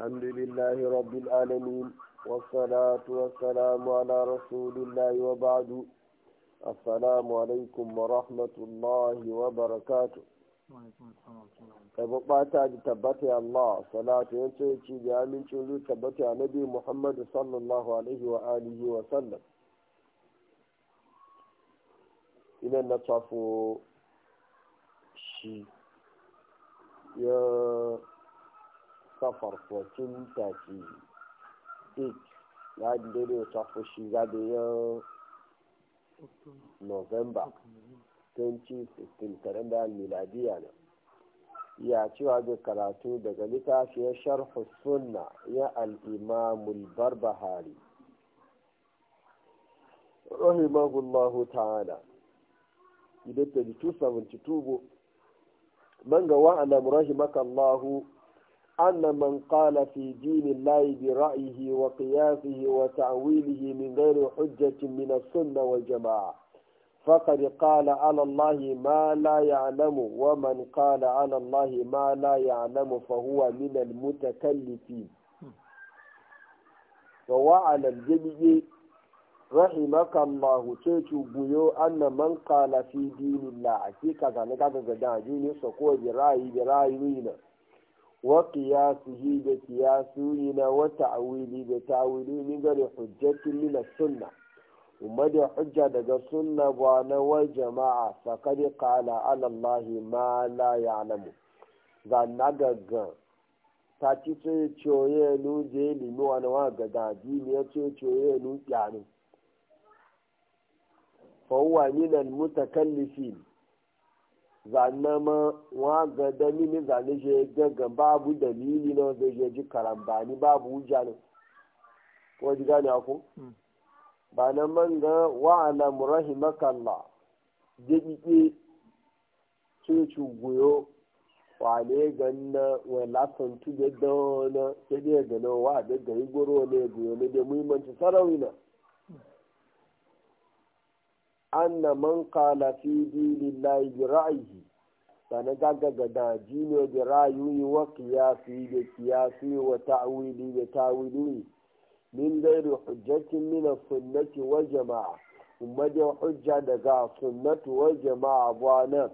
الحمد لله رب العالمين والصلاة والسلام على رسول الله وبعد السلام عليكم ورحمة الله وبركاته bukata da tabbata ya Allah salatu ya ci da amincin zuwa tabbata ya nabi Muhammadu sallallahu ina na tafo shi ya safar 1438 ya dare ta fushi da yin november 2016 kalendar miladiya na ya cewa da karatu daga littafiyar sharhu sunna ya al'imamul barbahari rahimahullahu ta'ala idan ta 272 man ga wa'alam rahimakallahu أن من قال في دين الله برأيه وقياسه وتعويله من غير حجة من السنة والجماعة فقد قال على الله ما لا يعلم ومن قال على الله ما لا يعلم فهو من المتكلفين وعلى الجميع رحمك الله تيتو أن من قال في دين الله أكيد كان كذا دين سكوي برأيه برأي wa qiyasuhi da qiyasuhi na wata awili da ta'wili ni gare hujjatin min sunna umma da hujja daga sunna wa na wa jama'a faqad qala ala allahi ma la ya'lamu zanna gaggan ta ci tsoye coye nu je limi wani wa ga dadi ne ya tsoye coye nu kyanu fawwa minal mutakallifin zane ma wa ga da mini zane je gaga babu dalili na wanda je ji ni babu wuja ne ko ji gane ku hmm. ba na man ga wa ala murahimaka je ike ce ci goyo wale ganna wa lasan tu da dona ke ya wa da gari goro ne goyo ne da muhimmanci sarawi na anna man qala fi dinillahi bi ra'yihi sana gaga gada jino bi ra'yi wa qiyasi bi qiyasi wa ta'wili bi ta'wili min ghairi hujjatin min as-sunnati wal jama'a umma da hujja daga sunnatu wal jama'a bwana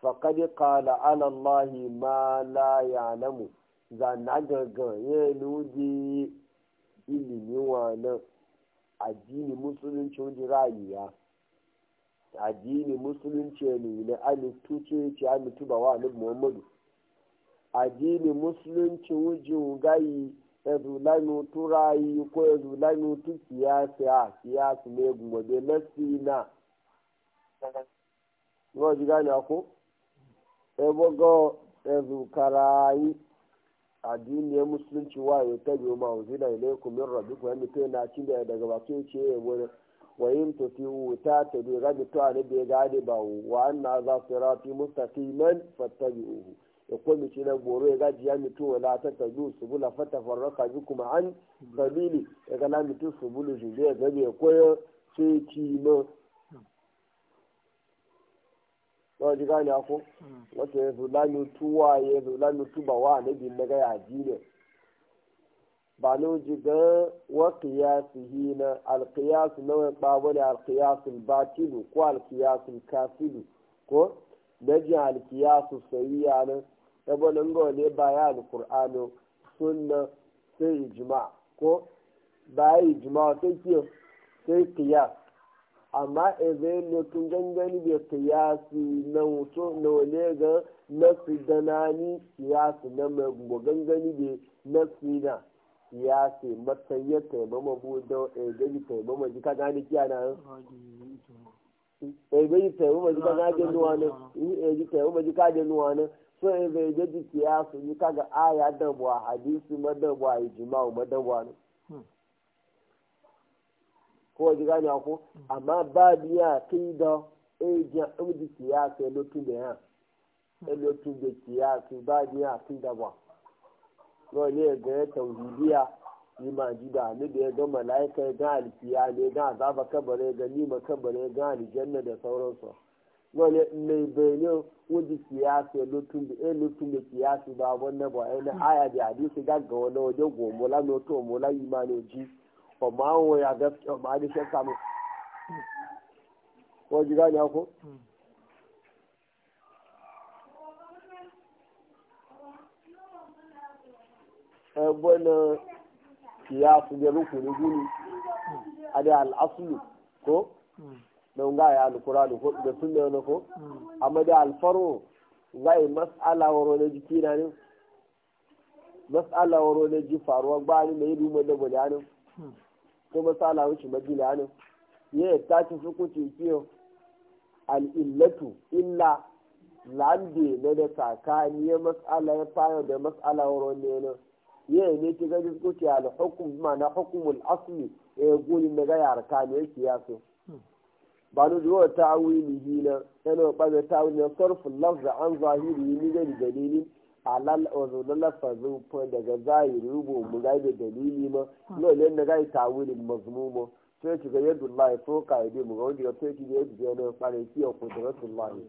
faqad qala ala allahi ma la ya'lamu zana gaga yeluji ilimi wa nan addini musulunci ra'yiya addini musulunci ne na alituce ce amitu ba wa alif muhammadu addini musulunci wujin gayi ya zulanu turayi ko ya zulanu tu siyasa siyasa ne gumade na sina yau ji gane ko ebo go ya zukarayi addini ya musulunci wa ya tabi ma wuzina ilaikum min rabbikum ya mutu na cin da daga bakin ce wani وإن تطيعوا بغد غدتوا بغد باو وأن هذا صراطي مستقيما فاتبعوه يقول مشينا بورو يغادي يامتو ولا تتجو سبل فتفرق بكم عن قبيلي يقول يامتو سبل جزية يغادي يقول سيتيما wọ́n ti ká ní akó wọ́n ti ẹ̀sùn lánàá tú wá ẹ̀sùn lánàá túbà wá àlejò mẹ́gà yà ba no jiga wa qiyasihi na alqiyas na wa qabala alqiyas albatil ko alqiyas alkafil ko da ji alqiyas sayya na da bonan go ne baya alqur'ano sunna sai ijima ko baya ijima sai ki sai qiyas amma ebe ne tun gangani da qiyasi na wuto na wale ga nasu danani kiyasi na mai gangani da nasu na ya ce matsayi ya taimama buda ya taimama ji ka gane kiya na ya gaji taimama ji ka gane nuwa nan ya taimama ji ka nuwa na so ya zai gaji ya su ga aya dabuwa hadisi madabuwa ijima'u madabuwa nan ko ji gane ko amma ba biya kai da ya amdi kiya sai da ya da su ba wani ga ya tauhidiya ni ma ji da ni da ya ga mala'ika ya ga alfiya ne ga azaba kabare ga ni ma kabare ga aljanna da sauransu wani mai bayanin wajen siyasa lutun da ɗaya lutun da siyasa ba wannan ba yana aya da hadisi gaggawa wani wajen gomola na wato mola la ba ma ya gaskiya ma da shakka mu wajen gani ako ebona hmm. ya su da rukuni gini a da al'asulu ko don ga ya alkurani ko da sunna ne ko hmm. amma da alfaro ga yi mas'ala waro na jiki na ne mas'ala waro na ji faruwa ba ni mai rumo da guda hmm. ko mas'ala wuce madina ne ya yi ta ci hukunci kiyo al'illatu illa lambe na da tsakaniyar mas'ala ya fara da mas'ala waro ne na ya ne ki ko diskuti al hukum mana hukumul asli e eh, gulin daga yar kano yake ya so ba na zuwa ni hina yana ba ta awi na sarf lafz an zahiri ni ga dalilin alal ozun lafazin fa daga zahiri rubo mu ga da dalili ma no ne daga ta'wilin mazmumo sai ki ga ka ko kaide mu ga wani ya sai ki ga yadda ne fare ki ko qudratullahi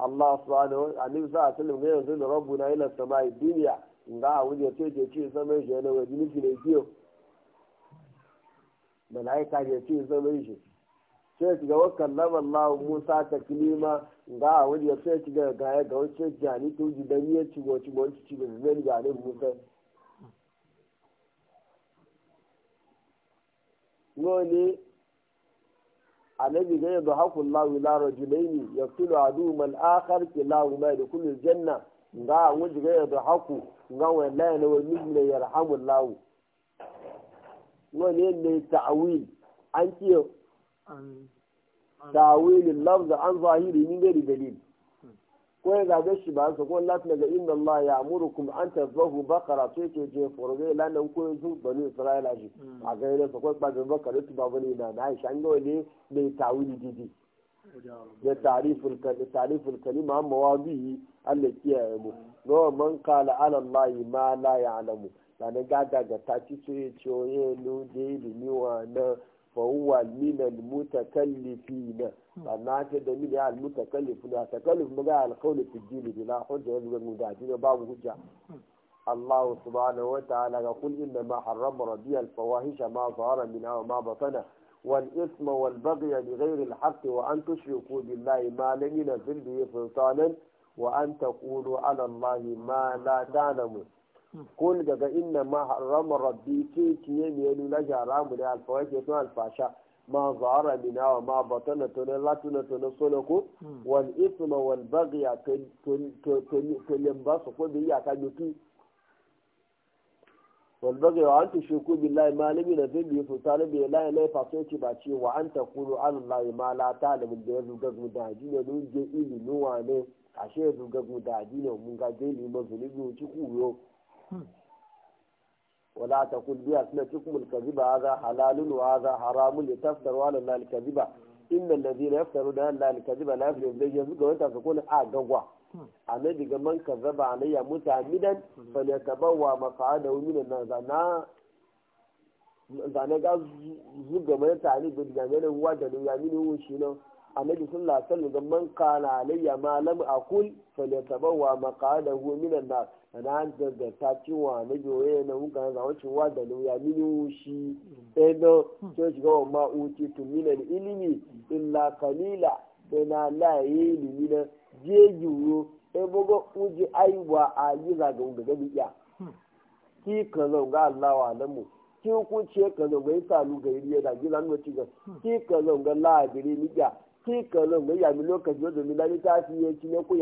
Allah subhanahu wa ta'ala annabi sallallahu alaihi wasallam ga yanzu rabbuna ila samai dunya nga awuje to je ci zama je na waje miki ne biyo malaika je ci zama je sai ga wakan kallama Allah Musa ta kilima nga awuje sai ci ga ga ga wace jani to ji dan ya ci go ci go ci ga zan ga ne Musa ngoni annabi ga yadda hakullahu ila rajulaini yaqtulu adu man akhar kilahuma da kullu janna nga wanda ya yadda haku nga wallahi na wani ne ya rahamu lawu wani ne ta'awil an ce ta'awil lafza an zahiri min gari dalil ko ya zaga shi ba su ko lafi daga inda Allah ya kuma an tazbahu bakara to yake je furbe lanan ko yanzu bani Isra'ila shi a gaire su ko ba bakara to ba bani na Aisha an didi da tarifin tarifin kalima amma wa bihi Allah kiyaye mu gawa man kala alallahi ma la ya alamu da na gada ga ta ci ce coye lu da yi niwa na fawuwa minan mutakallifi na ba na ce da mini al mutakallifi na takallifi ma ga alkawli fi jini bi na hujja ya zuwa muda jini babu hujja Allah subhanahu wa ta'ala ga kul inna ma harrama rabbiyal fawahisha ma zara min aw ma batana والإثم والبغي بغير الحق وأن تشركوا بالله ما لم ينزل به سلطانا وأن تقولوا على الله ما لا تعلمون قل جدا إنما حرم ربي كي كي يلو لجا رام الفاشا ما ظهر منا وما بطن تن لا تن تن سلكو والإثم والبغي تن تن تن تن بس كل دي يا كجوتي والبغي وأن تشركوا بالله ما لم ينزل به سلطان به لا لا فاسوتي باشي وأن تقولوا على الله ما لا تعلم da ya zuga mu da ne don je ili nuwa ne ashe ya da ne mun ga je ili ma zunubi wuci kuyo wala ta kul suna cikin mulkaziba hadha halalun wa haramun li tafdaru ala Allah al-kaziba inna alladhina yaftaruna ala Allah al zai yanzu ga wata su kuna a gagwa annabi ga man kazzaba alayya mutamidan fa ne tabawa maqada min nan zana zana ga zuga mai tare da jami'an uwa da ya mini shi nan annabi sallallahu alaihi wasallam man kana alayya ma lam aqul fa ne tabawa maqada min nan da da ta ci wa na joye na muka ga wacin wa da ya mini wushi ɗaya eh, da sai ga ma uti tu min ilimi illa kalila na laye hmm. na jeji wuro ebogo uji aiwa a yi zagin gaga biya ki kazo ga Allah wa alamu ki hukunce kazo ga isalu ga iriye da gizan wacce ga ki kazo ga labiri miya ki kazo ga yami lokaci wajen mi lani ta fi yanci ne ko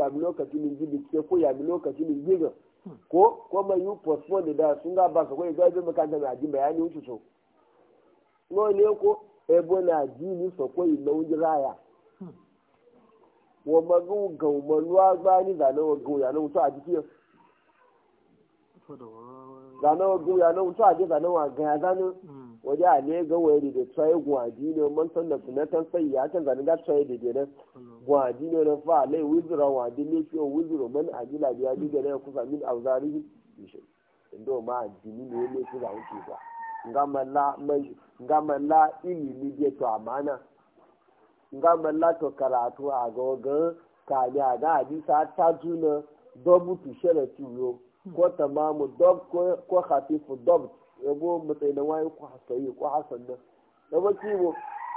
da sun ga ba ka kawai ga ibe makanta mai ajin bayani wuce na ji ni na wujiraya. wọ́n hmm. ma bí wọ́n gàn mọ́ ló agbá ní ìlànà ọ̀gùn ìlànà ohun tó àdìsí yẹn. ìlànà ọ̀gùn ìlànà ohun tó àdìsí ìlànà wọn àgàn àdánù. wọ́n dẹ́ àlẹ́ gan wọ́n èdè tó ẹ̀gùn àdìyí ni ọmọ tó nà fúnẹ́ tó ń fẹ́ ìyá tó ń zànú gàtọ́ èdè rẹ̀ gùn àdìyí ni ọ̀rẹ́ fún àlẹ́ ìwúzùrọ̀ wọn àdí lẹ́fí òwúzùrọ̀ mọ́ni àdìlàdì àdìgẹ̀rẹ̀ ẹ̀kú sàmì àwùzárí ìṣẹ̀ àdìyí ni ó nga malla to karatu a goga kami a ga hadisa ta juna dobu tu shere tiyo hmm. ko tamamu dob ko khatifu dob yabo e mutai na wayo ko hasayi ko hasan da da baki mo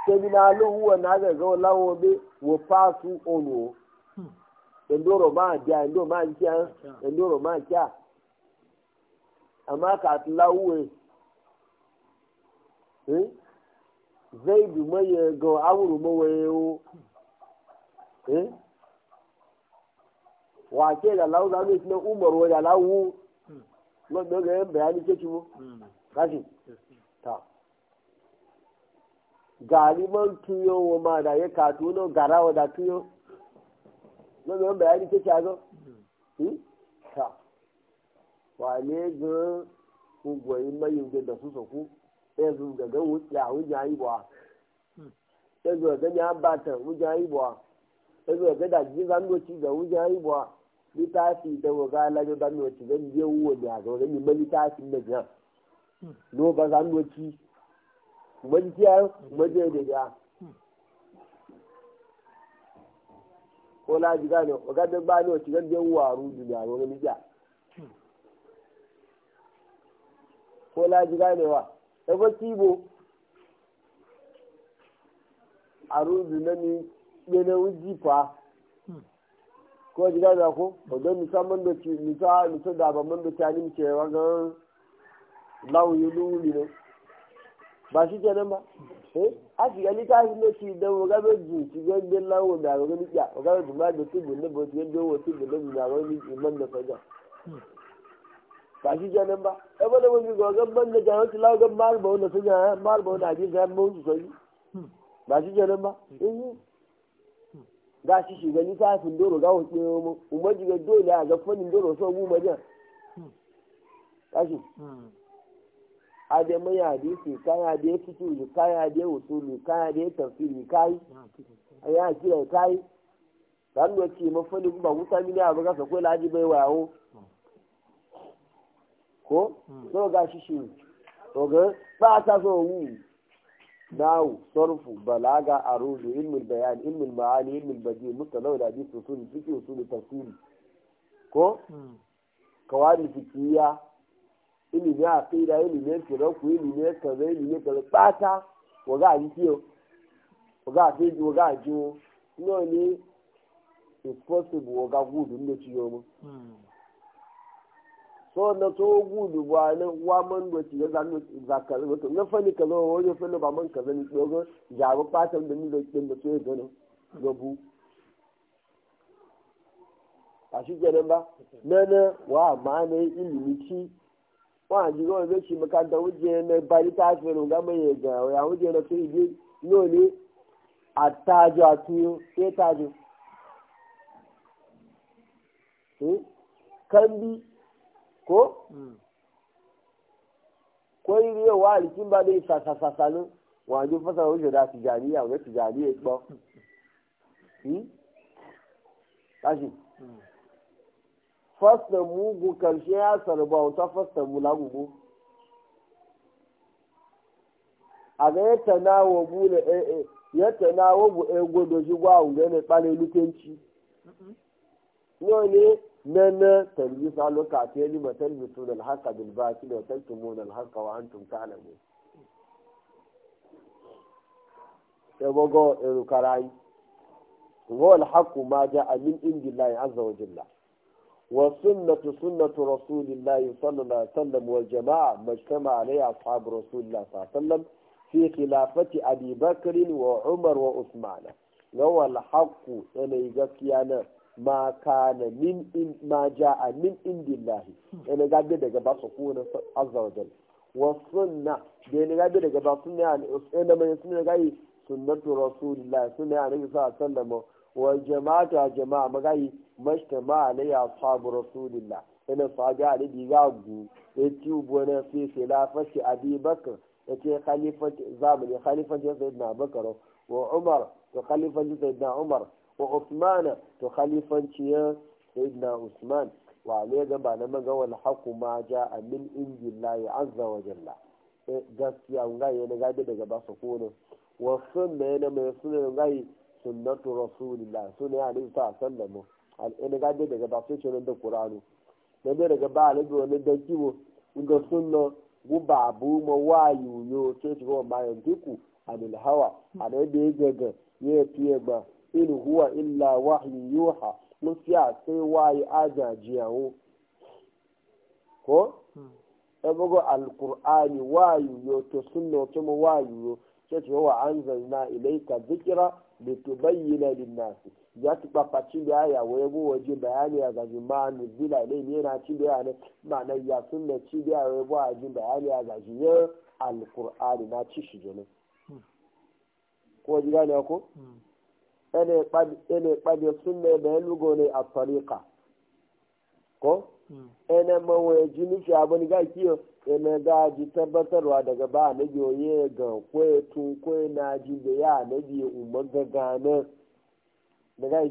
seminalu huwa na ga ga lawo be wo pasu ono hmm. endoro ma ja endoro ma ja endoro ma ja amma ka tlawe eh hmm? zaidu maye ga awuru mawayewo eh wa ke da lawu za mu isna umar wa da lawu ma da ga bayani ke ciwo hmm. kashi ta galiman tuyo wa ma da ya kato no wa da tuyo ma da bayani ke ciwo hmm. hmm? ta wa ne ga ugwayin mayin da su soku yanzu ga gan wuya wuya yi ba yanzu ga gan ya bata wuya yi ba yanzu ga da ji zan doci ga wuya yi ba litafi da waga la ga zan doci zan je wuwa ya zo zan yi ma litafi da ga no ba zan doci wani kiya wani da ya ko laji gane waga da ba ne wace zan je wuwa rudu ya zo zan ko ebe kibo aruzu na mi gbene wuji fa ko ji hmm. gaza ko odo mi sa mando ci mi sa mi sa da ba mando ci ani mi ce wa ga lawo yi lu wuli no ba shi kenan ba eh a ti ga ni ka shi ci da wo ga be ju ci ga de lawo da ga ni ja o ga du ma de ti bu ne bo ti ga de wo ti bu ne da ga ni man da fa ga hmm. ba shi kenan ba saboda mun ji gogon ban da jawo tilawa gan marba wanda su ga marba wanda ajin ga mun su sai ba shi janin ba eh ga shi shi gani ta fin doro ga wuce mu umma ji dole a ga fannin doro so mu majan kashi ade mai hadisi kai ade fitu kan ade usulu kan ade tafsiri kai aya kira kai dan da ce mafani ba mutane ne abu ga sakwai laji bai wayo ko so hmm. ga shi ba ta so wu nawu balaga arudu ilmul bayan ilmul ma'ani ilmul badi mustalau da hadith usul fiqh usul tafsir ko hmm. kawani fikiya ilimi aqida ilimi fiqh ilimi kaza ilimi kaza ba ta ga ga no ni it's possible gudu ne ciyo mu hmm. so na so gudu ba na wa man do ci za no za ka to na fani ka zo wo yo fani ba man ka zani to go ja ba patan da ni da kin da so go no go bu a shi kenan ba na na wa ma ne ilimi ci wa ji go be ci makanta wuje ne ba ni ta fe no ga mai ga ya wuje na to ide no ne atajo atuyo ke tajo eh hmm? kan bi ko hmm. ko iri yau wa alikin ba dai sasasasanin wajen fasa wajen da tijaniya wajen tijaniya gbọ́ tashi hmm. fasta mugu karshe ya sarba wata fasta mula gugu a ga ya tanawa bule ee eh, eh, ya na bu ego eh, doji gwa ungene kpale lutenci yau ne nana tamyisa lokati ni matan misun alhaqa bil batil wa tantumun alhaqa wa antum ta'lamun yabogo erukarai wa alhaqu ma ja'a min indillahi azza wa jalla wa sunnatu sunnatu rasulillahi sallallahu alaihi wasallam wal jama'a majtama alayhi ashab rasulillahi sallallahu alaihi wasallam fi khilafati abi bakr wa umar wa usman wa alhaqu yana gaskiya na ma kana min in ma ja'a min indillahi ina hmm. gabe daga ba su kuna azza wa jalla wa sunna da ina gabe daga ba sunna ne da mai sunna gai sunnatu rasulillah sunna ya sallallahu alaihi wasallam wa jama'atu jama'a magai mashtama alayya ashabu rasulillah ina sahabi ali diga gu eti ubona fi khilafati abi bakr eti khalifati zamani khalifati sayyidina bakaro. wa umar to khalifati sayyidina umar wa Usmana to ya Sayyidina Usman wa ne ba na maga wal haqu ma ja a min indillahi azza wa jalla eh, gaskiya nga yi na da daga ba su kone wa sunna yana mai sunna ga yi sunnatu rasulillah sunna ya eh, ne ta sallamu al'ina da daga ba su cinan da kuranu na ne daga ba alabi wani da kiwo ga sunna guba bu ma wa yo ce shiga ma mayan duku a hawa a ne da ga gaga fiye ba in huwa illa wahyu yuha nufiya sai wayi ajajiyawo ko hmm. ebogo alqur'ani wayu yo to sunna to mo wayu yo ce wa anzalna ilayka dhikra litubayyana lin ya ti papa ci ya wo ebo waje bayani ya ga jumani bila le ne na ci da ne ma na ya sunna ci ya wo waje bayani ya ga ji alqur'ani na ci shi jene hmm. ko ji gane ko hmm. Hmm. ene kpabe sunne da ya lugo ne a tariqa ko ene mawaye jini shi abin ga kiyo ene ga ji daga ba na yoye ga kwe tun kwe na ji ya na biye umar ga gane da ga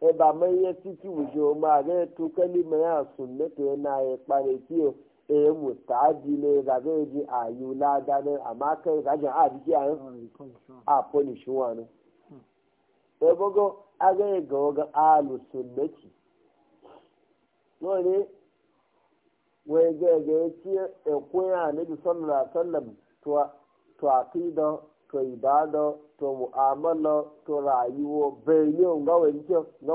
e ba titi ma ga ya to ewu eh, mustaji ne ji a yi lada ne amma kai gajin a a yin a polish wa ne e eh, aga yi ga waga alu sunnaki wai ga ga ya ce e eh, koya na bi sallallahu sallam to aqida to ibada to mu'amala to rayuwa bai yi ga ga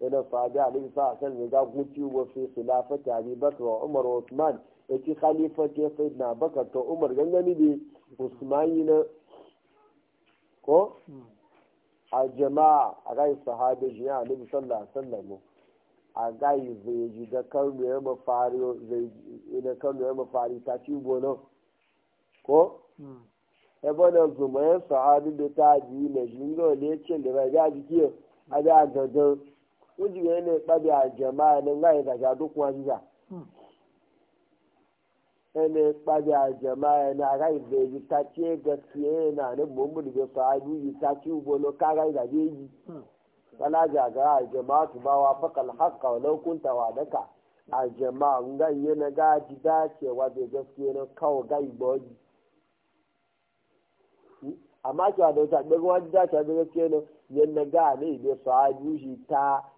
yana fada alaihi sa akan ne ga guci wa fi khilafati abi bakr wa umar wa usman yake khalifati ya sayyidina bakar ta umar gangani bi usman na ko a jama'a a ga sahabe jiya alaihi sallallahu alaihi wasallam a ga zai ji da karnu ya mafari zai ina karnu ya mafari ta ci bono ko ya bana ya sahabi da ta ji na jingo ne ya ce da ba ga jiki a da gagan wọ́n yẹn na pàdé àjẹmá ẹni ńlá ìdájà dúkùn ayíyá ẹni pàdé àjẹmá ẹni ará ìbẹ̀ yìí tàkì ẹgẹsì ẹ̀yìn náà ní mòmúlù bẹ fà yìí tàkì ìwọlọ kára ìdàjẹ yìí kálájà àgárá àjẹmá àtúbá wa fọkànlá hàkà ọlọ́kùn tàwa àdẹ́kà àjẹmá ńgá yìí ní gáàjì dáàkì ẹ̀wà bẹ gẹ́sì ẹni káwọ̀ gá ìgbọ́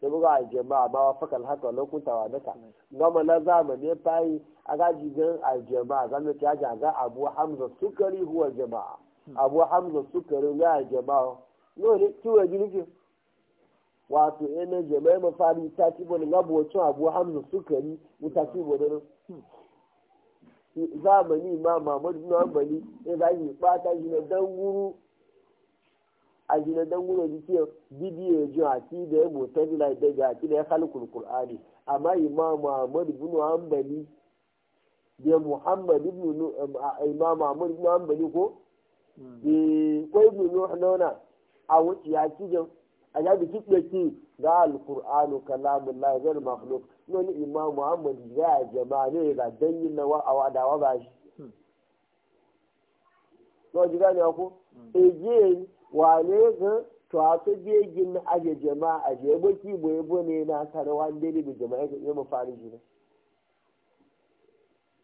sai buga a jama'a ba wa fakal haka lokuta wa daka gama na zamani fayi a gaji gan a jama'a zamani ta ga ga abu hamza sukari huwa jama'a abu hamza sukari ga a jama'a no ne kiwa jirgin wato ina eh, jama'a mafari ta ci bane gabo wacin abu hamza sukari muta ci bane zamani ma mamadu na ambali ya zagi bata shi na dan wuru ajina dan gudu da ke bidiyo jin aki da ya mutazila da daga aki da ya halkul qur'ani amma imam Muhammad ibn Hanbali da Muhammad ibn imam Muhammad ibn Hanbali ko bi ko ibn Nuh nona a wuce ya ci jin a ya biki ke ga alqur'anu kalamullah ghayr makhluq non imam Muhammad ya jama'a ne ga danyin nawa wadawa ba shi. Lọ́jọ́ gánà ọkú, èyí wane ga to a su jirgin gin na aje jama'a a je baki boye bane na tare wa da ne jama'a ga yamma fara shi ne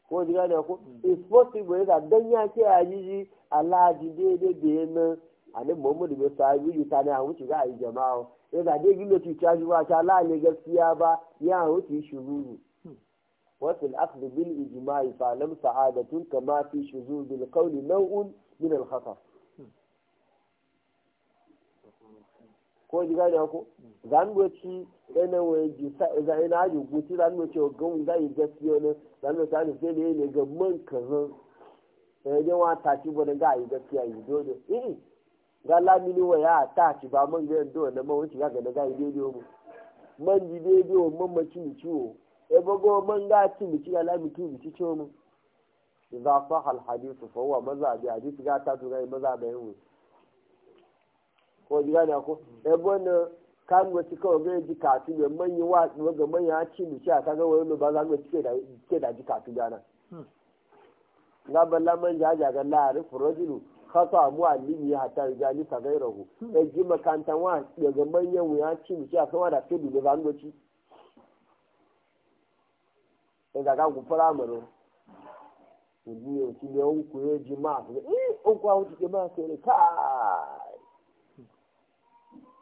ko jira da ku is possible da dan ya ce a ji ji Allah ji de de de na ani mamu da sa yi ji ta ne a wuce ga aje jama'a ya eh, da de gin da ci ta ji wa ta Allah ne gaskiya ba ya wuce ruru. wasu al'akadu bil ijma'i fa lam sa'adatun kama fi shuzu bil qawli naw'un min al ko ji gane ko zangoci yana wani jisa za ina aji guti zangoci wa gan ga yi gaskiya ne zangoci ana sai da yi ne ga man kazan ya eh, yi wa taci bane ga yi gaskiya yi dole iri eh, ga lamini wa ya taci ba man ga do na ma wuce ga gane ga yi daidai mu man ji daidai wa man maci mu ciwo ya eh, bago man ga ci mu ci ga lami tu mu ci ciwo mu za fa hal hadisu fa wa maza bi hadisi ga ta tu ga maza bayan wuce ko ji ko ɗan wannan kan wace kawai ka ji katu ga manyan wasu ga manyan a ba da ji katu mm. ga na balla man jaja ga mm. e ka ya hatta ga ni ta ji wa a kawa da ke dole ba mu ci ɗan e ga kan ku firamare ku ji yau ci ku ji ma ga eh ku kwa ke ma ka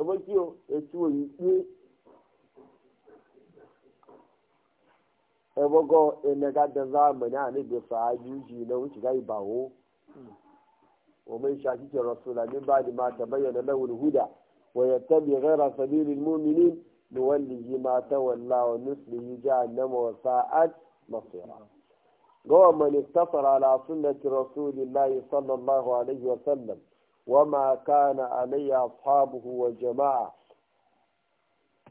ẹgbẹ́ kí o yìí ètò òyìn pé ẹgbọ́gọ́ ẹnẹgá dẹ́záàmù ní àná ìdè àlejò fàájú yìí náà wíṣìká ìbàwó wọ́n mú iṣẹ́ àṣìṣe rọ̀ṣùlà nígbà tí máa tẹ̀bẹ́ yẹn wọn olùhùdà wọn yẹ tẹ́bi rẹ́ra sẹ́bírí múmini ni wọn lè yí máa wọn ní sùn yìí já ẹnẹ mọ sá á má sáàt mọ̀fẹ́ra. gọ́wọ́ mọ̀ ní sáfàrà àlàáfíà ti rọ̀ṣùlì láyé sọ́lọ́láhùn àlejò sẹ́lẹ̀m وما كان علي أصحابه وجماعة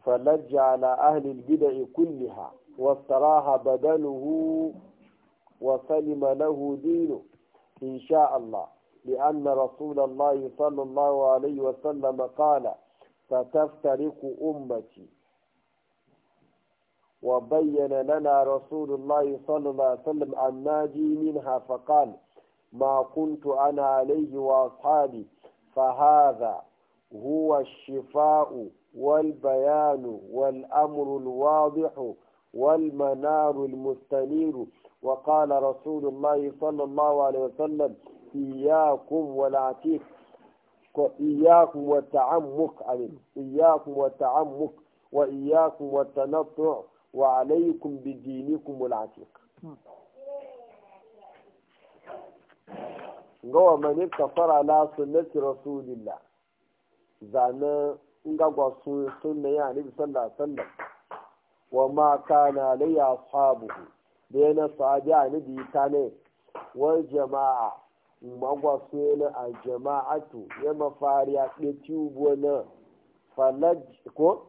فلج على أهل البدع كلها واستراح بدنه وسلم له دينه إن شاء الله لأن رسول الله صلى الله عليه وسلم قال ستفترق أمتي وبين لنا رسول الله صلى الله عليه وسلم الناجي منها فقال ma ana alayhi wa ashabi fa huwa ash-shifa'u wal bayanu wal amru al wal manarul al mustaniru wa qala rasulullah sallallahu alayhi wa sallam iyyakum wal atiq ko iyyakum wa ta'ammuk alim iyyakum wa gawa mani kafara la sunnati rasulillah zana nga gwa sun sunna ya nabi sallallahu alaihi wasallam wa ma kana li ashabuhu da yana sahabi a nabi ta ne wal jama'a magwa sun a jama'atu ya mafari a ɗe tubo na ko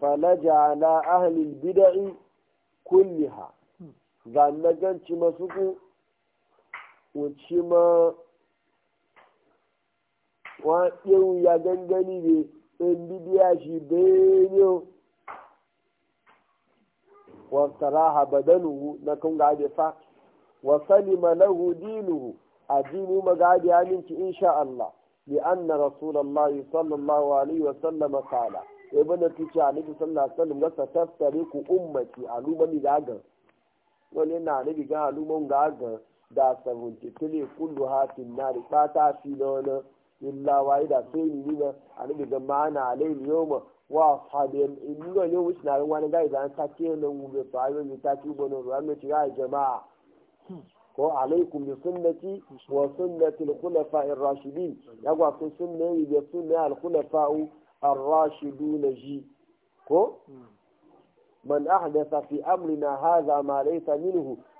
falaja ala ahli bid'i kulliha hmm. na ganci masu ku wuce ma wa yau ya gangani ne in bidiya shi benyo wa saraha badanu na kun gade fa wa salima lahu dinuhu addini magadi aminci insha Allah li anna rasulullah sallallahu alaihi wa sallam qala ibn tuci alaihi sallallahu alaihi wasallam ga taftariku ummati alumani gaga wani na nabi ga alumun gaga da 73 kullu hafin na da ta fi na wani illa da sai ni nuna a nuna ga ma'ana alayhi yawma wa fadi in yau ne wuce na wani gai da ta ce nan gobe to ayo ne ta ci ruwan mai ne a jama'a ko alaikum bi sunnati wa sunnati al-khulafa ar-rashidin ya gwa sun sunna yi da sunna al-khulafa ar-rashidun ji ko man ahdatha fi amrina hadha ma laysa minhu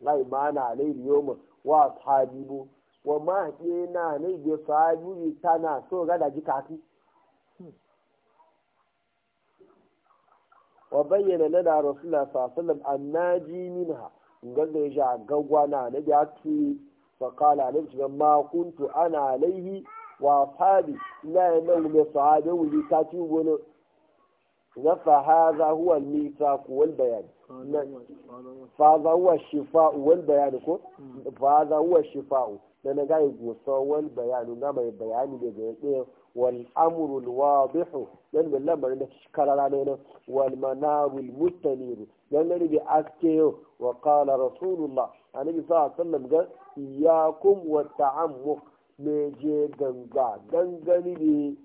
lai ma na alai liyoma wa sahibu wa ma ke na ne je sahibu ta na so ga da jikati wa bayyana da rasulullah sallallahu alaihi wasallam annaji minha gaga ya gagwa na na ga tu fa qala alim shiga ma kuntu ana alaihi wa sahibi la ya ne sahabi wuri ta ci gono gafa haza huwa mita wal bayani faza huwa shifa'u wal bayani ko faza huwa shifa'u da na gaya gusa wal bayani na mai bayani da ga tsaye wal amru al wadihu dan lamar da karara ne nan wal manaru al mustanir dan ne bi aske wa qala rasulullah annabi sallallahu alaihi wasallam ga iyyakum wa ta'ammuq me je ganga gangani ne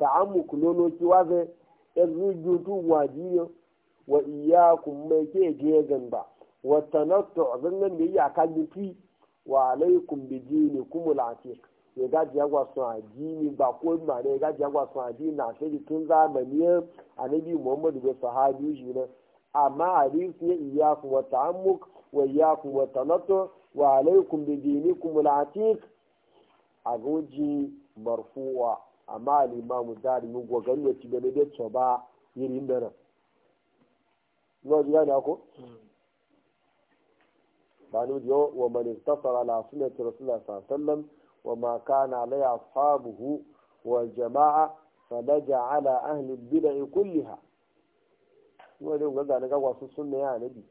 ta'ammu kulono ki waze yanzu jutu wajiyo wa iyyakum mai ke je gamba wa tanattu zannan da iya kan fi wa alaikum bi dinikum al-atiq ya ga gaji ya gwasu addini ba ko ma ne ya ji agwa gwasu addini na sai tun zamani annabi Muhammadu da sahabi shi ne amma hadisi ya iyyakum wa ta'ammuk wa iyyakum wa tanattu wa alaikum bi dinikum al-atiq a goji marfu'a amma alimamu dari mu gogan ya ci gane da to ba yiri ndara no ji gane ko ba no yau wa mani istasara ala sunnati rasulullah sallallahu alaihi wasallam wa ma kana laya sabuhu wa jamaa fadaja ala ahli bid'ah kulliha wa ne gaza na ga su sunna ya nabi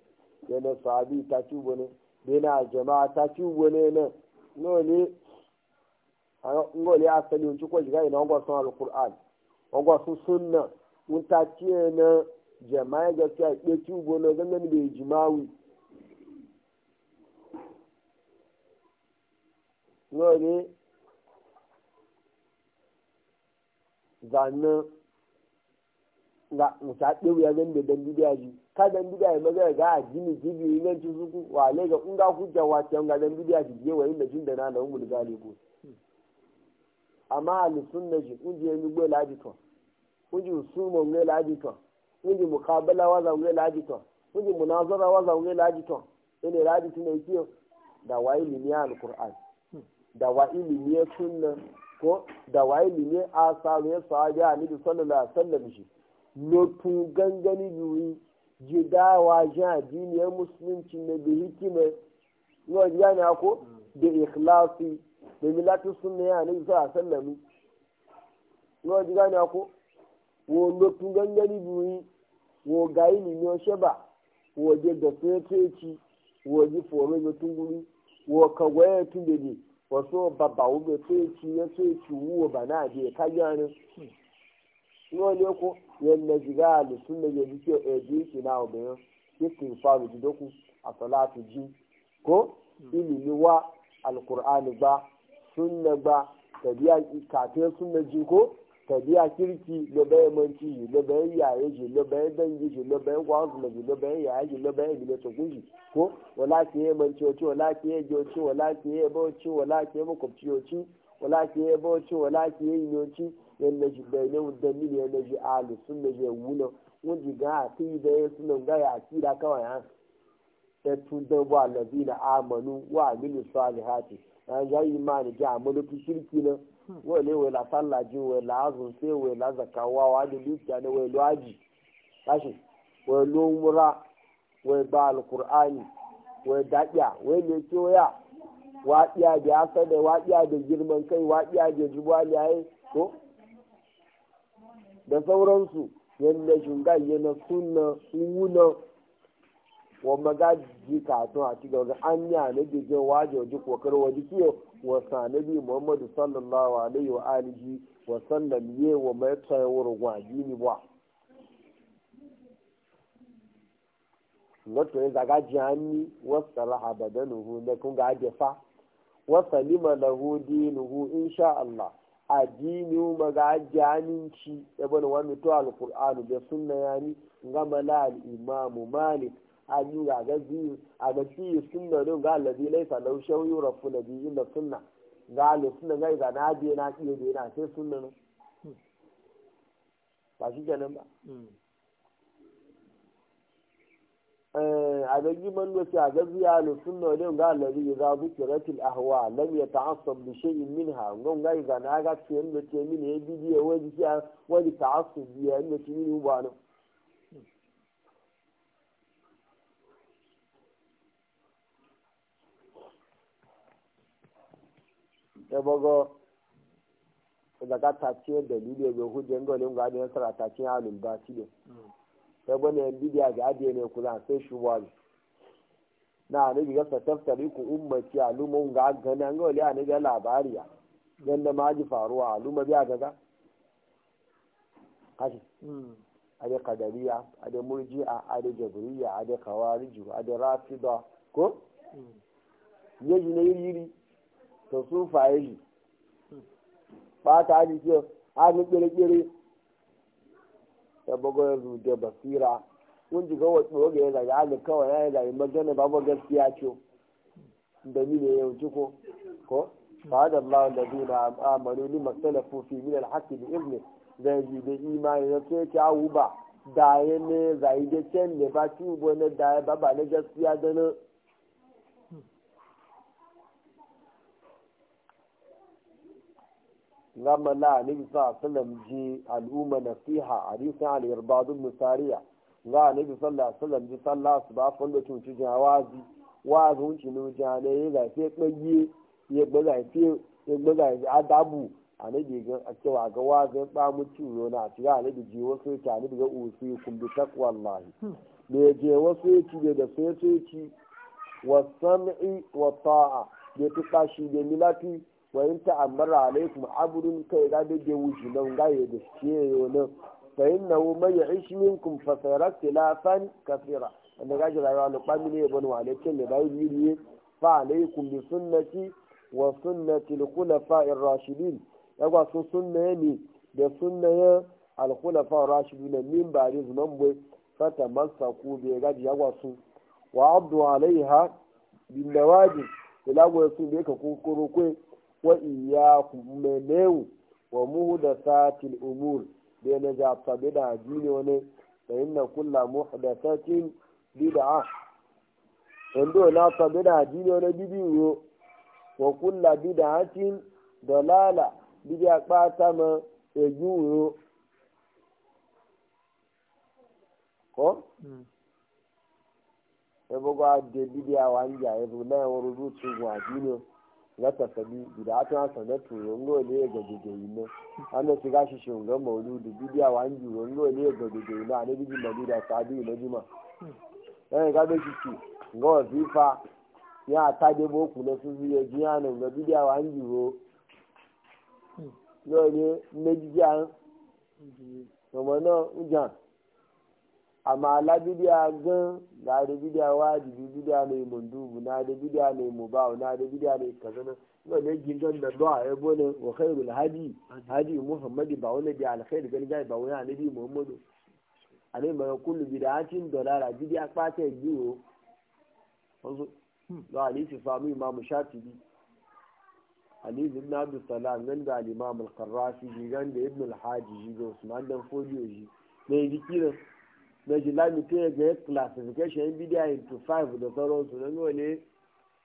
yana sabi ta ci ne yana jama'a ta ci gone ne no ne ngoli asali unci ko shiga ina ngwa sun alquran ngwa sun sunna mun ta na jama'a ga ta ke tubo na gangan da jimawi ngoli zanna ga musa ɗewu ya zan da dan bidiya ji ka dan bidiya ya maza ga addini jibi ingancin suku wa lai ga kunga ku wa ta ga dan bidiya ji je wa inda jin da na na umul galibu amma alusun na ji kunji ya migbe lajiton kunji usuma ngai lajiton ji mukabala waza ngai lajiton ji munazara waza ngai lajiton ene lajiton na ikiyo da wa ilimi alquran da wa ilimi sunna ko da wa ilimi asaru ya sahabi annabi sallallahu alaihi wasallam shi lotun gangani yuri ji ja ya musulunci na bi ne yau ya ne ko da ikhlasi domin latin sunna ya ne bisa sallami yau ji gane ko wo lotu gangani duri wo gayi ni yo sheba wo je da feteci wo ji foro yo tunguri wo kagwaye tungede wo so baba wo be feteci ya feteci wo bana je ka gane yau ne ko yan na jiga alisun da ya jike a ji shi na obirin yake faru jidoku a salatu ji ko hmm. ilimi wa alkur'ani ba sunna ba biya kafin sunna ji ko biya kirki da bayan manci ji da bayan yaye ji da bayan dangi ji da bayan kwasu da ji da bayan yaye ji da bayan gina ta kunji ko wala ke yi manci wace wala ke yi gyoci wala ke yi bauci wala ke yi makwabci yoci wala ke yi bauci wala ke yi yoci yanda ji bayanin da mini yanda ji alu sunna ji wuna wanda ga a ti da ya sunan gaya a da kawai ha. tun da wa lazina amanu wa amilu salihati an ya ga ji amuluki shirki na wale wai la sallaji wai la azun sai wai la zakawa wa da dukiya na wai lwaji kashi wai lomura wai ba alkur'ani wai daɗiya wai ne kyoya waɗiya da ya sada waɗiya da girman kai waɗiya da zuba yayi ko da sauransu yadda shungan yana sunna wuna wa magaji katon a cikin wajen anya yi anabi jin waje waje kokar waje kiyo wa sanabi muhammadu sallallahu alaihi wa alihi wa sallam ye wa mai tsayawar gwaji ni ba wato ya zaga ni wasu raha hu na kun ga ajiye fa wasa lima lahu dinuhu insha Allah addini maga janinci ibn wani to alqur'anu da sunna yani ngama la al malik ayu ga ga biyu a ga ci sunna don ga allazi lau law shaw yurafu nabiyyin da sunna ga alu sunna ga ga na je na kiyo je na sai sunna no ba shi nan ba hmm. eh, a gaji man wasu a gaji ya alu sunna don ga allazi ya zabu kiratil ahwa lam yata'assab bi shay'in minha ngon ga ga na ga ce ne ce mini ya bidiyo wani ta'assub ya ne ce mini ba ya bago daga taciyar dalili bai hujjar gole ga adiyar sara taciyar alul ba ci ne ya bane mm. bidiya ga adiyar ne kula sai shi na ne ga sa taftari ku ummati alumun ga gani an gole a ne ga labari ya mm. dan da maji faruwa aluma biya gaga kashi mm. ade kadariya ade murji'a ade jabriya ade khawariju ade rafida ko yaji ne yiri to su faye shi ba ta haji ce hannun ƙirƙiri ta bago ya zuge basira kun ji kawai tsoro ga ya zage hannun kawai ya yi zage magana ba da ni ne yawanci ko ko ba da Allah da zina amanu ni masalafu fi min alhaqi zai ji da imani na sai ta ba da ya ne zai da can ne ba na ya gama la nabi sa sallam ji al'umma nasiha hadisin al-irbad ibn sariya a nabi sallallahu alaihi wasallam ji sallah su ba fa lokacin ci jawazi wazi hunci no jane ya ga sai kwaye ya gbaza sai ya gbaza adabu anabi ga cewa ga wazin ba mu ciwo na ci ga anabi ji wasu ta anabi ga usi kun bi takwallahi me hmm. je wasu ci da sai sai ci wa sam'i wa ta'a da tuka shi da milati wa in ta'ammara alaikum abudun kai ga da ge wuce nan ga ya gaskiye yo nan fa innahu mai ya'ish minkum fa sayara tilafan kafira wanda ga ji rayuwa na kwami ne bani wale ce ne bayi biyu fa alaikum bi sunnati wa sunnati al-khulafa ar-rashidin ga sun sunna ne da sunna al-khulafa ar-rashidin min ba ri zuman boy fa tamassaku bi ga ji ga su wa abdu alaiha bin nawajib ila go sun be ka kokoro kai wa iyyakum menewu wa muhdathatil umur da na ja tabi da ajini wani da inna kullu muhdathatin bid'a ndo na tabi da ajini ko bibiyo wa a bid'atin dalala bidiya kpata ma ejuro ko hmm. ebogo ade bidiya wanja e na gwa e ajini lata sami da aka na sanatu rongo ne ga gaggayi ne an da shiga shi shunga mauludu bidiya wa an ji rongo ne ga gaggayi ne a na biji mali da sabi na jima ɗan eh, ga bai shi ci ga wazifa ya ta de boku na su zuwa jiya nan ga bidiya wa an ji ro yau ne na jiya kamar na amma la bidiya gan na da bidiya wajibi bidiya ne mundubu na da bidiya ne mubawu na da bidiya ne kaza na wa ne gingan da ba ya bone wa khairul hadi hadi muhammadi ba wani bi alkhair gani gai ba wani annabi muhammadu anai ma kullu bid'atin dalala bidiya kwata biyo wazo da hmm, alisi famu imam shafi'i ali ibn abdus salam gan da al-imam al-qarrafi gan da ibn al-hajiji da usman dan fodiyo ji ne zikirin na jilami ta ga classification bidiya into five da sauransu na nawa ne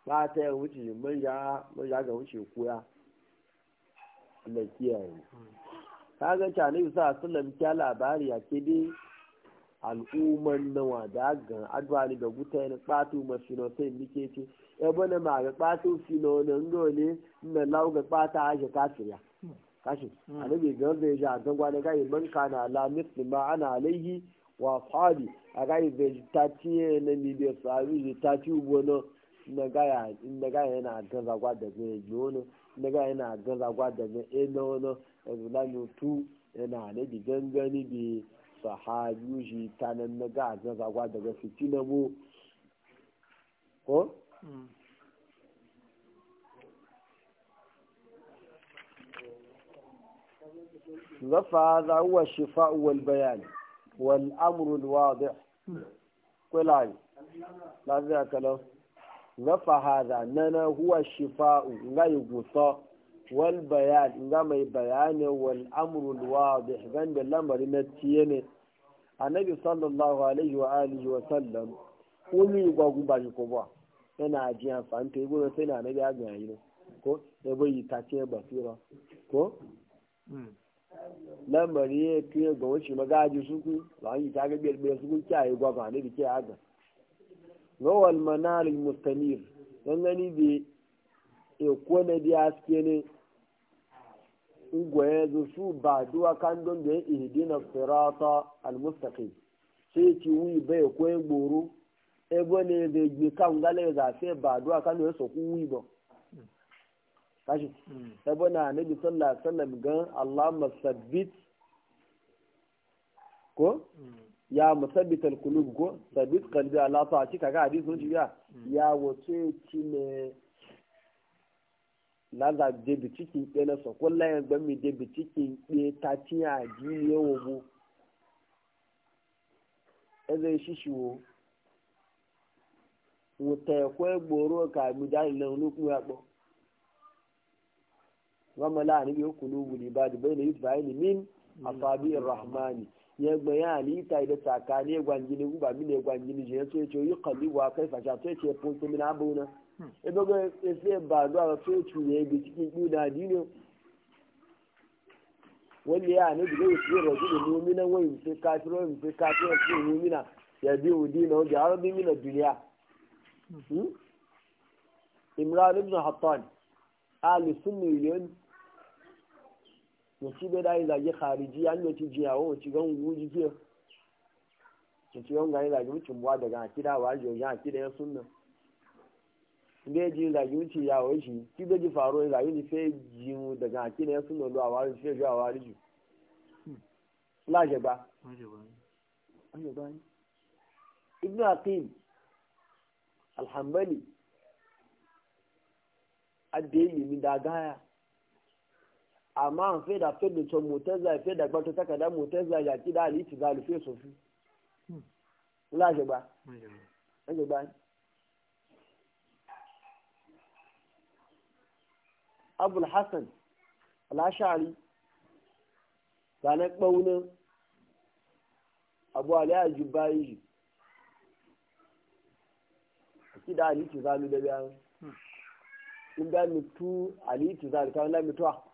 ba ta yi wuce manja ya ga wuce kuya na kiyaye ka ga cani sa kya labari a ke al'umman nawa da ga adwani da guta ne kpatu mafino sai nike ce ya eh, ma ga kpato fino na ngo ne na kpata aje kashi hmm. ga zai ja wa sahabi a gaghi zai ta ciye na libya ta ci ugbo na gaya yana gan zagwa da zai yana gan zagwa da zai na na bi sahabi ta na zagwa da fiti na mu ko? Zafa hmm. za huwa shifa'u bayani. والأمر الواضح كلاي لا ذاك له نفى هذا ننا هو الشفاء لا يقصى والبيان لا wal يبيان الواضح عند الأمر نتيين النبي صلى الله عليه وآله وسلم wani igwa guba ni yana ji amfani ta sai na nabi ko ebe yi ko lamari ya fiye ga wacce magaji suku ba yi ta ga biyar biyar suku kyaye gwa ba ne da ke aga rawal manar mustamir don gani da eko na biya suke ne ugwaye zu su ba duwa kan don da ya ihdina sirata almustaqim sai ci wi bai koyi gboro ebo ne zai gbe kan gale zafe ba duwa kan da ya soku wi ba kashi hmm. sabona nabi sallallahu alaihi wasallam gan allahumma sabbit ko hmm. ya musabbit alqulub ko sabbit qalbi ala ta'ati kaga hadisi sun jiya hmm. ya wace ci ne laza je bi ciki ɗaya na sakwalla ya gban mi je bi ciki ɗaya ta a ji ne wo bu eze shishiwo ta ya kwe gboro ka mi dalilin olukun ya gbọ́ gama la ni biyo kulubu li badi bai na yutfa min asabi rahmani ya gbaya alita da tsakani ya gwangini guba min ya gwangini je ya ce yi kalli wa kai fasha to ce fun su min abuna e dogo e se ba do a so tu ne bi cikin duna dino wani ya ne bi yi rajulu mu'minan wa yusi kafiru wa yusi kafiru wa yusi mu'mina ya bi udina da arabi min duniya imran ibn hattan ahli sunna yun mutu bai dai zage khariji an ne ti jiya wo ti gan guji ke ti ti on gai zage mutum wa daga kida wa jo ya kida ya sunna bai ji zage mutum ya wo shi ti bai ji faro zage ni fe ji mu daga kida ya sunna lo wa ji fe jo wa ji la je ba aje ba ibn aqil alhambali adeli min da gaya amma an fai da fai da can motar zai fai da gbato takardar motar zai yaki da aliti zalu fai sofi la shi ba ake ba abul hassan alashari ranar ɓaunin abu aliyu jubayi shi aki da aliti zalu da biyan in ga mutu aliti zalu ta wani mutuwa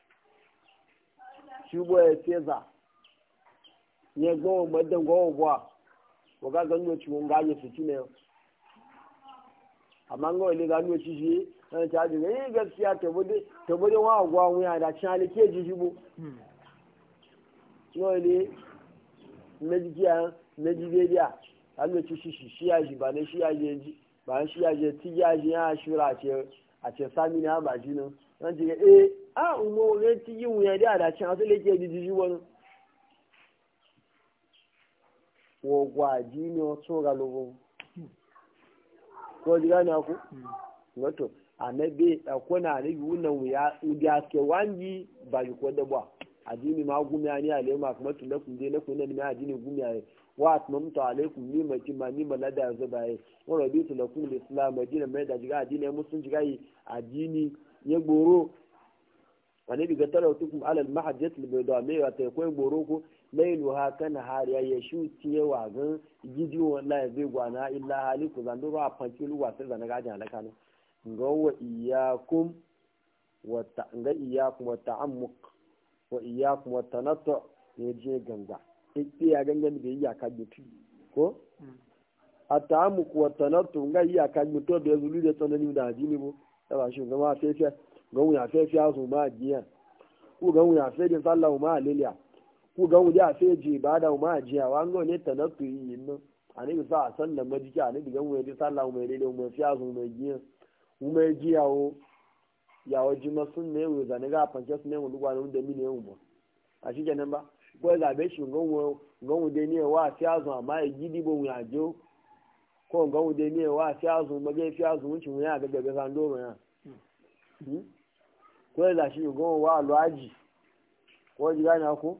cibo ya feza ya gawa madan gawa buwa wa ga ganuwa ci wunga ya na yau amma ga wani ganuwa ci shi yana ta ji yi eh, gaskiya ta bude wa gwa wuya da cin halike ji ne na jikiya na jibediya ci shi shi ba na shi ya ba na shi ya ti ya shura a ce sami na ba ji nan an eh, ti yẹ a mọ orin ti yí wọn yẹn dé àdàkí àwọn tó lè jẹ́ ibi yí wọn. wọ́n gbọ́ àjí ni wọ́n ko ra lọ́wọ́ kọ́ jìgá ní akó wọ́tọ̀ àmẹ́bí na náà níbi wọn náà wòyá ibi àkẹ́ wá ń yí bàjúkọ́ dẹ́bọ̀ àjí ni máa gúnmi àní àlẹ́ máa kọ́ mọ́tò lẹ́kùn dé lẹ́kùn náà ni máa àjí ni gúnmi àlẹ́ wa atmamtu alaikum nimati ma ma lada yanzu baye wa rabitu lakum islam madina mai da jiga adini musun jiga yi adini gboro ani bi biga tara kum alal mahajjat mai da wa wata ko gboro ko leilu ha kan hariya ya shuti wa gan gidi wallahi zai gwana illa hali zan do ba fanki luwa sai ga jan halaka ne ngo wa iyakum wa ta, ga iyakum wa ta'ammuq wa iyakum wa tanattu ye je ganga ganga gangan da iyaka gbutu ko hmm. a ta'ammuq wa tanattu ga iyaka gbutu da zulu da mu da hadini bo taba shi zama fefe ga wuya fefe ya su ma jiya ku ga wuya fefe sallahu ma aliliya ku ga wuya fefe ba da ma jiya wa ngo ne ta nasu yi yin nan anabi sa sallan majiki anabi ga wuya sallahu mai lele mu fiya su mai jiya mu ma jiya o ya waji masun ne wuya zane ga panke su ne mu lugwa ne da mini yau a shi kenan ba ko zabe shi ngon wo ngon wo ne wa ya gidi bo wuya ko ga wude ne wa fi azu mage fi azu wuce mu ya gaga hmm? ga zando mu ya ko da shi go wa lwaji ko ji gane ko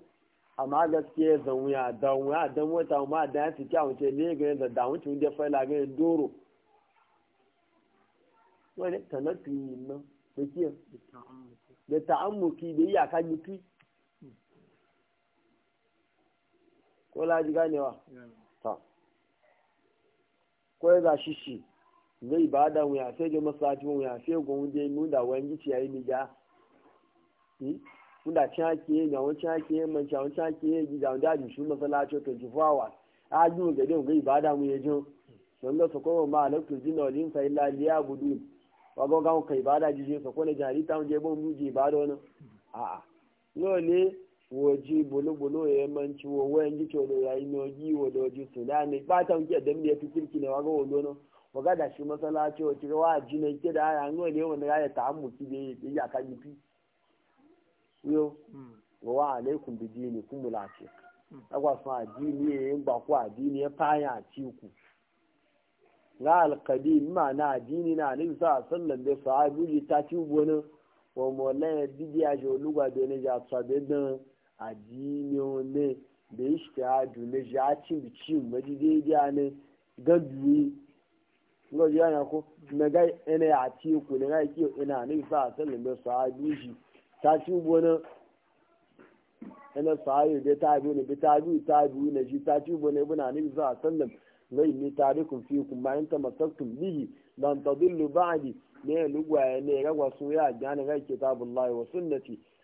amma gaskiya zan wuya da wuya dan wata ma da su ta wuce ne ga da da wuce da fa la ga doro wani tanafi nan da kiyo da ta'ammuki da iyaka mutu ko la ji ganewa ta ko ya za shi shi zai ba da wuya sai ga masaji wuya sai ga wunde nuna wani ci yayi mija nuna cin haki ya yawon cin haki ya manci yawon cin haki ya gida wanda a shi masalaci 24 hours a yi wa gade ga ibada mu ya jin don ga sokowa ma alaƙar jin da wajen sai laliya gudu wagon gawon ka ibada jije sako na jari ta wunje bon muji ibada wani a'a yau ne wo bolo-bolo ya yamanci wo wo jike wani yayi na waje wa da waje su da ne ba ta da ya fi kirki ne waga waga shi wa na ke da ya nuna ne wani ya ta amu ki da ya ka yi fi yo wa wa alaikum bi dini kun mulace agwa ku a ci ku ga alkadi ma'ana na sahabi ta wa addini ne da ishtihadu ne ya ci bici madidaidiya ne gaggwi ngoji yana ko na ga ina ya ci ku na ga ki ina ne fa sallin da sahabi shi ta ci bona ina sahabi da ta bi ne bi ta bi ta bi ne ji ta ci bona ibn ne fa sallin zai ni tarikum fi ku ma anta masaktum bihi lan tadillu ba'di ne lugwaye ne ga wasu ya jani ga kitabullahi wa sunnati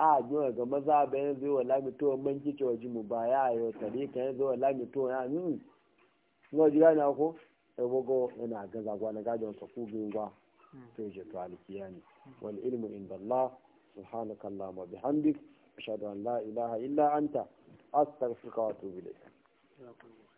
a jiwa ga maza bayan zai wa lamito man kice wa mu ba ya yi tare ka yanzu wa lamito ya yi ngo ji gana ko ya e bogo yana e ga zagwa na gajon wata ku bin gwa to hmm. je to alkiyani wal ilmu inda Allah subhanaka Allah wa bihamdik ashhadu an la ilaha illa anta astaghfiruka wa atubu ilayk